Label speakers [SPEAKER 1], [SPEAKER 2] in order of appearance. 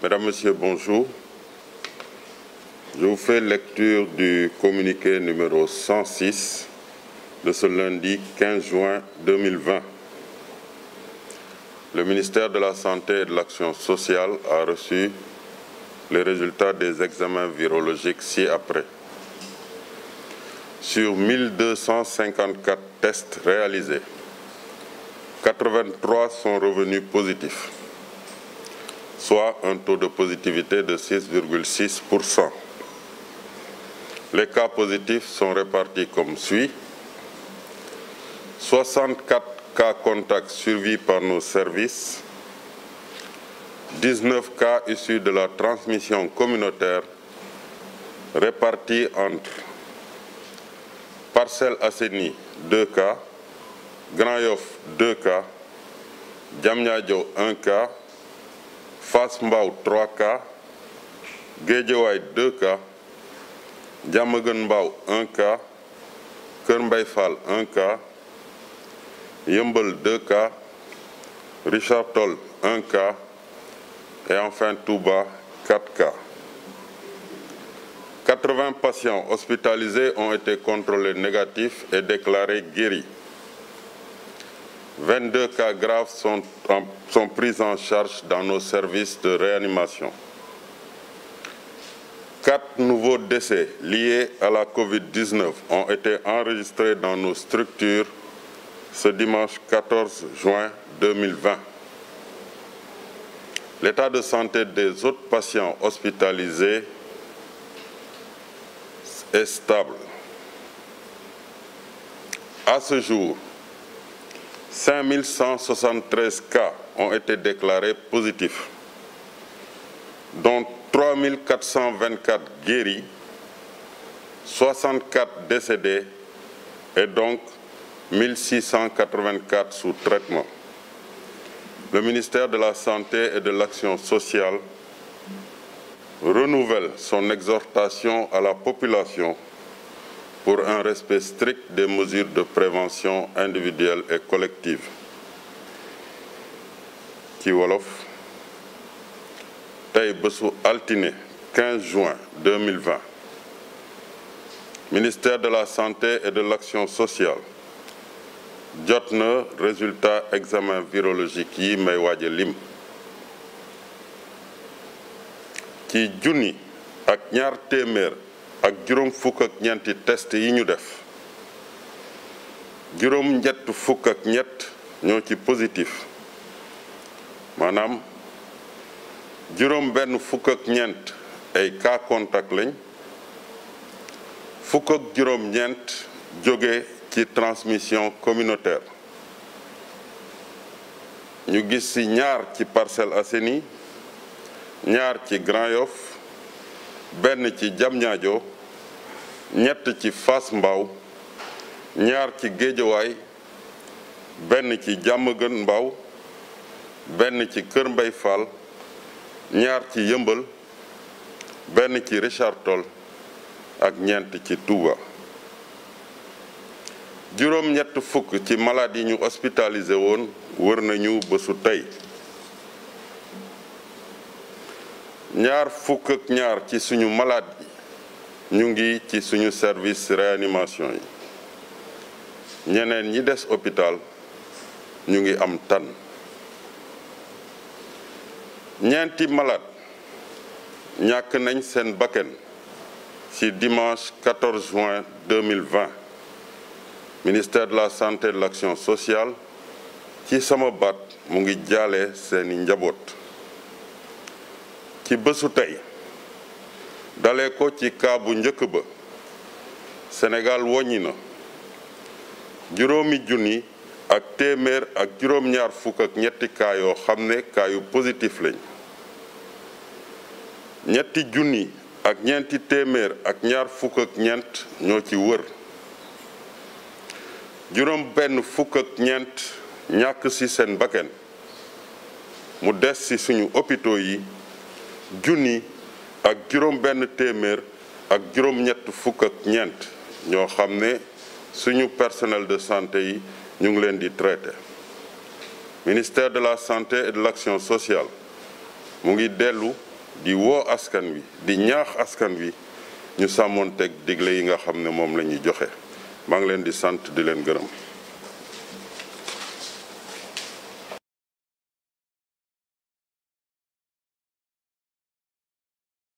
[SPEAKER 1] Mesdames, Messieurs, bonjour. Je vous fais lecture du communiqué numéro 106 de ce lundi 15 juin 2020. Le ministère de la Santé et de l'Action sociale a reçu les résultats des examens virologiques ci-après. Sur 1254 tests réalisés, 83 sont revenus positifs soit un taux de positivité de 6,6%. Les cas positifs sont répartis comme suit. 64 cas contacts suivis par nos services, 19 cas issus de la transmission communautaire répartis entre Parcelle Asseni 2 cas, Grand Yoff 2 cas, Djamnyadjo 1 cas, Fasmbao 3 k Gejeway 2 k Diamaguène 1 k Kër 1 k Yumble 2 k Richard Toll 1 k et enfin Touba 4 k 80 patients hospitalisés ont été contrôlés négatifs et déclarés guéris. 22 cas graves sont, pris en charge dans nos services de réanimation. Quatre nouveaux décès liés à la COVID-19 ont été enregistrés dans nos structures ce dimanche 14 juin 2020. L'état de santé des autres patients hospitalisés est stable. À ce jour, 5173 cas ont été déclarés positifs, dont 3424 guéris, 64 décédés et donc 1684 sous traitement. Le ministère de la Santé et de l'Action sociale renouvelle son exhortation à la population pour un respect strict des mesures de prévention individuelle et collective. ki wolof altine 15 juin 2020 ministère de la santé et de l'action sociale Jotne, résultat examen virologique Qui may lim et juroom fukk ak ñeenti test yi ñu def juróom ñett fukk ak ñett ñoo ci positif maanaam juróom benn fukk ak ñeent ay cas contact lañ fukk ak ci transmission communautaire ñu gis ci ñaar benn ci Diamniadio ñett ci fas Mbao ñaar ci Géejawaay benn ci Diamaguène Mbao benn ci Kër Mbay Fall ñaar ci Yëmbal benn ci Richard Toll ak ñeent ci Touba juróom ñett fukk ci malade yi ñu hospitalisé woon wër nañu bésu tey ñaar fukk ak ñaar ci suñu malaat yi ñu ngi ci suñu service réanimation yi ñeneen ñi des hôpital ñu ngi am tan ñeenti malaat ñàkk nañ seen bakken ci dimanche 14 juin 2020 ministère de la santé et de l'action sociale ci sama baat mu ngi jaale seeni njaboot ci bésu tey dalee ko ci kaabu njëkk ba Sénégal woññi na juróomi junni ak téeméer ak juróom-ñaar fukk ak ñetti kaa yoo xam positif lañ ñetti junni ak ñeenti téeméer ak ñaar fukk ak ñeent ñoo ci wër juróom benn fukk ak ñeent ñàkk ci seen bakkan mu des ci suñu hôpitaux yi junni ak juróom benn téeméer ak juróom-ñett fukk ak ñeent ñoo xam ne suñu personnel de santé yi ñu ngi leen di traité ministère de la santé et de l'action sociale mu ngi dellu di woo askan wi di ñaax askan wi ñu sàmmoon teg digle yi nga xam ne moom la ñuy joxe maa ngi leen di sant di leen gërëm